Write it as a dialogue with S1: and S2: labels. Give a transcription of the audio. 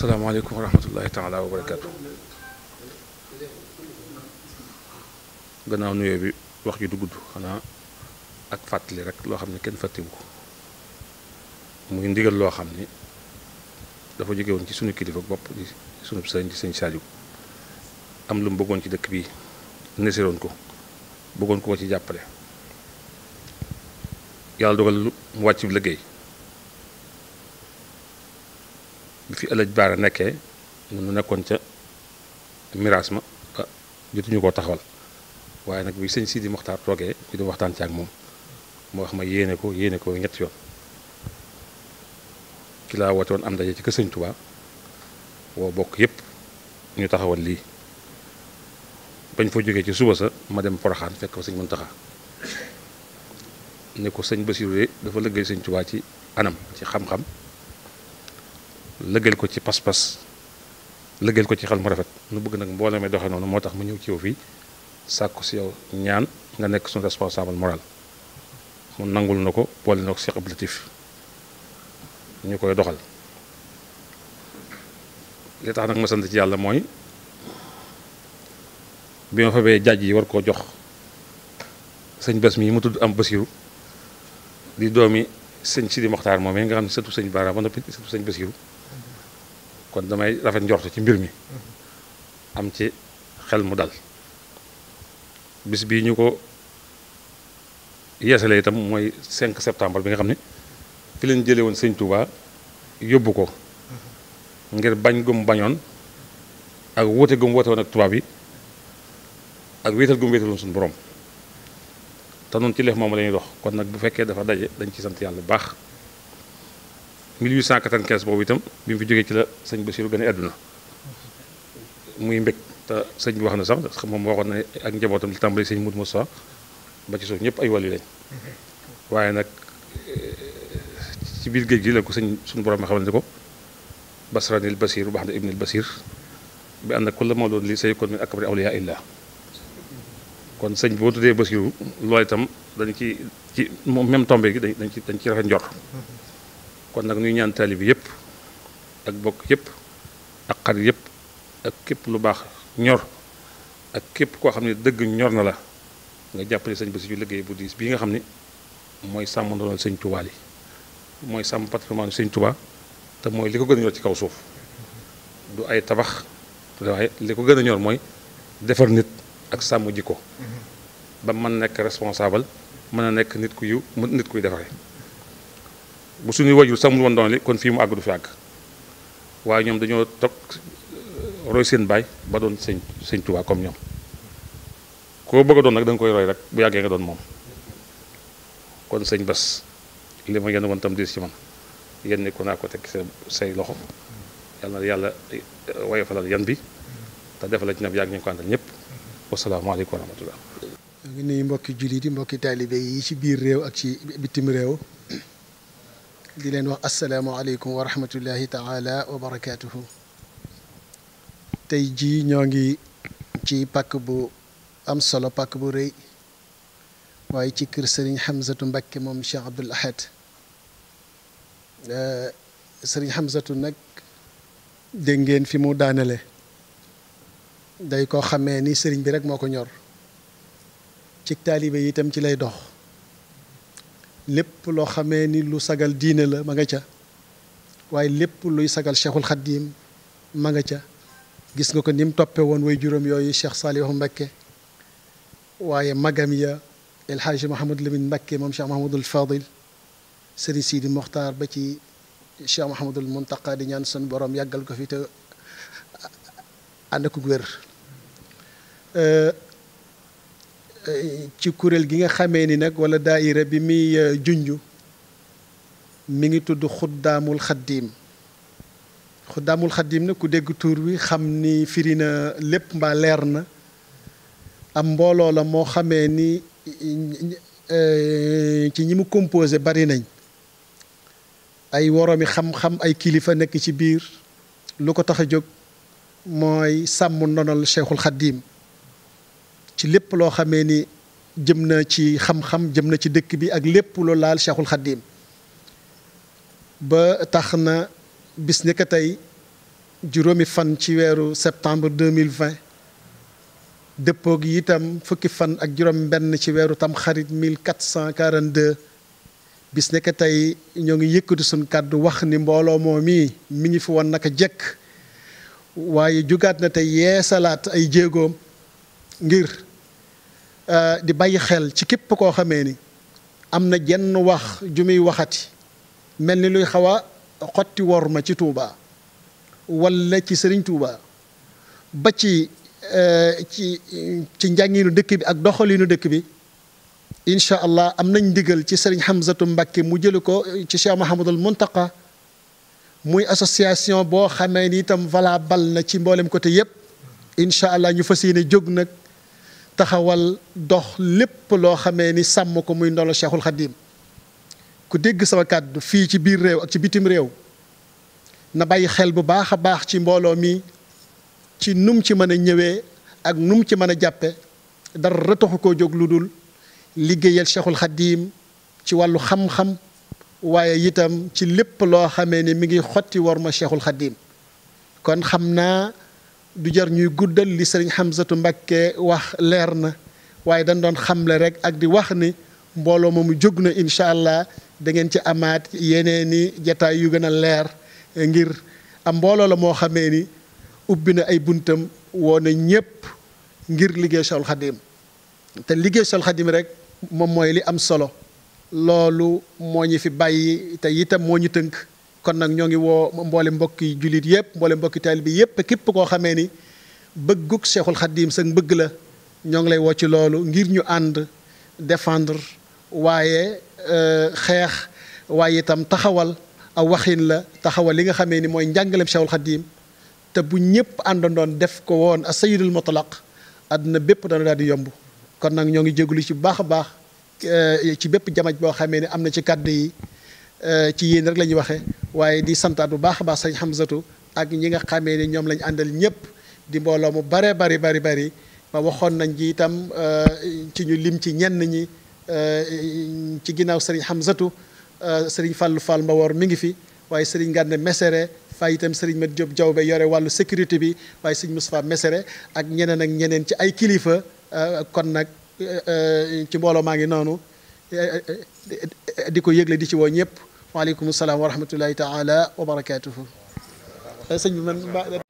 S1: asalaamaaleykum wa rahmatullahi taala wa barakaatu bi wax ji du gudd xanaa ak fàttali rek loo xam ne kenn fàttiwu ko muy ndigal loo xam ni dafa jóge woon ci suñu kilifa bopp di sunu sëriñ di sëñ Saaliw am lu mu bëggoon ci dëkk bi nesiroon ko bëggoon ko ko ci jàppale yàlla dogal mu wàcc bi liggéey fi ëllëg baara nekkee nu nekkoon ca miraas ma ba jotuñu koo taxawal waaye nag bi sëñ Sidi Moxtaar toogee ñu di waxtaan ci ak moom moo wax ma yéene ko yéene ko ñetti yoon ki laa woote woon am ndaje ci kër sëñ Touba woo bokk yépp ñu taxawal lii bañ foo jógee ci suba sa ma dem Poroxaan fekk fa sëñ Muntaxa ne ko sëñ Basiru dafa lëggéey sëñ Touba ci anam ci xam-xam lëggal ko ci pas-pas lëggal ko ci xel mu rafet nu bëgg nag mbooloo mi doxee noonu moo tax mu ñëw ci yow fii sàkku si yow ñaan nga nekk suñu responsable moral mu nangul na ko boole na ko Cheikh Abdou Latif ñu koy doxal li tax nag ma sant ci yàlla mooy bi ma fa bee yi war koo jox sëñ bés mi mu tudd am Basiru di doomi sëñ Sidi Moxtaar moomee nga xam ne sëtu sëñ Baara ba noppi sëtu sëñ Basiru kon damay rafet njortu ci mbir mi am ci xel mu dal bis bii ñu ko yeesale itam mooy 5 septembre bi nga xam ne fi leen jëlee woon sëñ Touba yóbbu ko ngir bañ gum bañoon ak wuute gum woote woon ak tubaab yi ak wéetal gum wéetaloon suñu borom te noonu ci leef moom la ñuy dox kon nag bu fekkee dafa daje dañ ci sant yàlla bu baax 1895 boobu itam bi mu fi jógee ci la sëñ Basiru gën a àdduna muy mbég te sëñ bi wax na sax moom waxoon na ak njabootam li tàmbali sëñ Moudou Moussa ba ci suuf ñëpp ay wàllu lañ waaye nag eh, ci biir géej gi la ko sëñ suñu borom xamal ne ko basranil basir u baax na ibnil basir bi ànd ak ku la moo doon li say kon min akbari awliya illah kon sëñ boo tuddee basiru loolu itam dañ ci ci moom même tombé gi dañ ci dañ ci rafet njor kon nag ñuy ñaan taalibe yëpp ak bokk yëpp ak xarit yëpp ak képp lu baax ñor ak képp koo xam ne dëgg ñor na la nga jàppale sëñ bi suñu liggéey bu diis bii nga xam ni mooy sàmm ndono sëñ Tuubaa yi mooy sàmm patrimoine sëñ Tuubaa te mooy li ko gën a ñor ci kaw suuf du ay tabax waaye li ko gën a ñor mooy defar nit ak sàmm jikko mhm. ba mën nekk responsable mën a nekk nit ku yiw nit kuy defaree bu suñuy wajur sàmmul woon doon li kon fii mu àgg du fi àgg waaye ñoom dañoo toog eh, roy seen baay ba doon sëñ sëñ comme ñoom koo bëgg a doon nag da koy roy rek bu yàggee nga doon moom kon sëñ Bas li ma yenn woon tam diis ci man yenn ku naa ko teg say loxo yàlla yàlla eh, woyofalal yan bi te defal ci nag yàgg ñu ko àndal ñëpp wasalaamaaleykum wa rahmatullah. maa
S2: ngi nuyu mbokki jullit yi mbokki taalibe yi ci biir réew ak ci bitim réew. di leen wax asalaamaaleykum wa rahmatullahi taala wa barakaatuhu tey jii ñoo ngi ci pakk bu am solo pakk bu rëy waaye ci kër sëriñ Hamzatu Mbakke moom Cheikh Abdoul Ahad eh, sëriñ Hamzatu nag dégg ngeen fi mu daanale day koo xamee ni sëriñ bi rek moo ko ñor ci taalibe yi itam ci lay dox lépp loo xamee ni lu sagal diine la ma nga ca waaye lépp luy sagal cheikhul xaddiim ma nga ca gis nga ko ni mu toppe woon way juróom yooyu cheikh saalihu mbakke waaye magam ya elhaaji mahamadou lamin mbakke moom cheikh mahamadul fadil sëriñ sidi moxtaar ba ci cheikh mahamadul muntaqa di ñaan sun borom yàggal ko fi te ànd ak ci kuréel gi nga xamee ni nag wala daaira bi muy euh, junj mi ngi tudd xuddaamul xaddiim xuddaamul xaddiim na ku dégg tuur wi xam ni firi na lépp mbaa leer na am mbooloo la moo xamee ni euh, ci ñi mu composé bari nañ ay woroomi xam-xam ay kilifa nekk ci biir lu ko tax a jóg mooy sàmm ndonal cheikhul xaddiim ci lépp loo xamee ni jëm na ci xam-xam jëm na ci dëkk bi ak lépp lu laal Cheikhul Khadim ba tax na bis ni ko tey juróomi fan ci weeru septembre deux mille vingt dëppoog yi itam fukki fan ak juróom benn ci weeru tam xarit mille quatre cent quarante bis ne que tey ñoo ngi yëkkati suñ kàddu wax ni mbooloo moo mii mi ngi fi woon naka jekk waaye jugaat na tey salaat ay jéegoom ngir Euh, di bàyyi xel ci képp koo xamee ni am na jenn wax ju muy waxati mel ni luy xaw a xotti wor ma ci Touba wala ci sëriñ Touba ba ci euh, ci ci njànginu dëkk bi ak doxalinu dëkk bi incha allah am nañ ndigal ci Serigne Hamzatu Mbakke mu jëli ko ci Cheikh Mahamadul Muntaqa muy association boo xamee ni itam valable na ci mboolem côté yépp incha allah ñu fas yéene jóg nag. taxawal dox lépp loo xamee ni sàmm ko muy ndolo seexul Khadim ku dégg sama kàddu fii ci biir réew ak ci bitim réew na bàyyi xel bu baax a baax ci mbooloo mi ci num ci mën a ñëwee ak num ci mën a jàppe dara taxu koo jóg lu dul liggéeyal Cheikhul Khadim ci wàllu xam-xam waaye itam ci lépp loo xamee ni mi ngi xotti war ma Cheikhul Khadim kon xam naa du jar ñuy guddal li sëriñ Xamsatu Mbàkke wax leer na waaye dañ doon xamle rek ak di wax ni mbooloo moomu jóg na incha allah dangeen ci amaat yeneen i jataay yu gën a leer ngir am mbooloo la moo xamee ni ubbi na ay buntam woo na ñépp ngir liggéey sol xadim te liggéey sol xadim rek moom mooy li am solo loolu moo ñu fi bàyyi te itam moo ñu tënk kon nag ñoo ngi woo mboole mbokki jullit yëpp mboole mbokki taalibe bi yëpp képp koo xamee ni bëggug Seexul Xaddiim sa bëgg la ñoo ngi lay woo ci loolu ngir ñu ànd defendre waaye euh, xeex waaye itam taxawal aw waxin la taxawal li nga xamee ni mooy njàngaleem Seexul Xaddiim te bu ñëpp àndandoon def ko woon a sayidul mutlaq àdduna bépp dana daal di yomb kon nag ñoo ngi jégalu ci baax a baax euh, ci bépp jamaj boo xamee ni am na ci kàddu yi Euh, ci yéen rek la ñuy waxee waaye di santaat bu baax a baax xam Hamzatu ak ñi nga xamee ni ñoom lañu àndal ñëpp di mbooloo mu bare bari bari bari ma waxoon nañ ji itam euh, ci ñu lim ci ñenn ñi euh, ci ginnaaw sëriñ Hamzatu sëriñ Fallou Fall Mbawor mi ngi fi waaye sëriñ Gànne Mesere fay itam sëriñ Mat Diop Jawbe yore wàllu sécurité bi waaye sëriñ Moustapha Mesere ak ñeneen ak ñeneen ci ay kilifa kon nag ci mbooloo maa ngi noonu di ko yëgle di ci woo ñëpp. waaleykum salaam wa rahmatullahi taala wa barakaatuhu sëñ bi man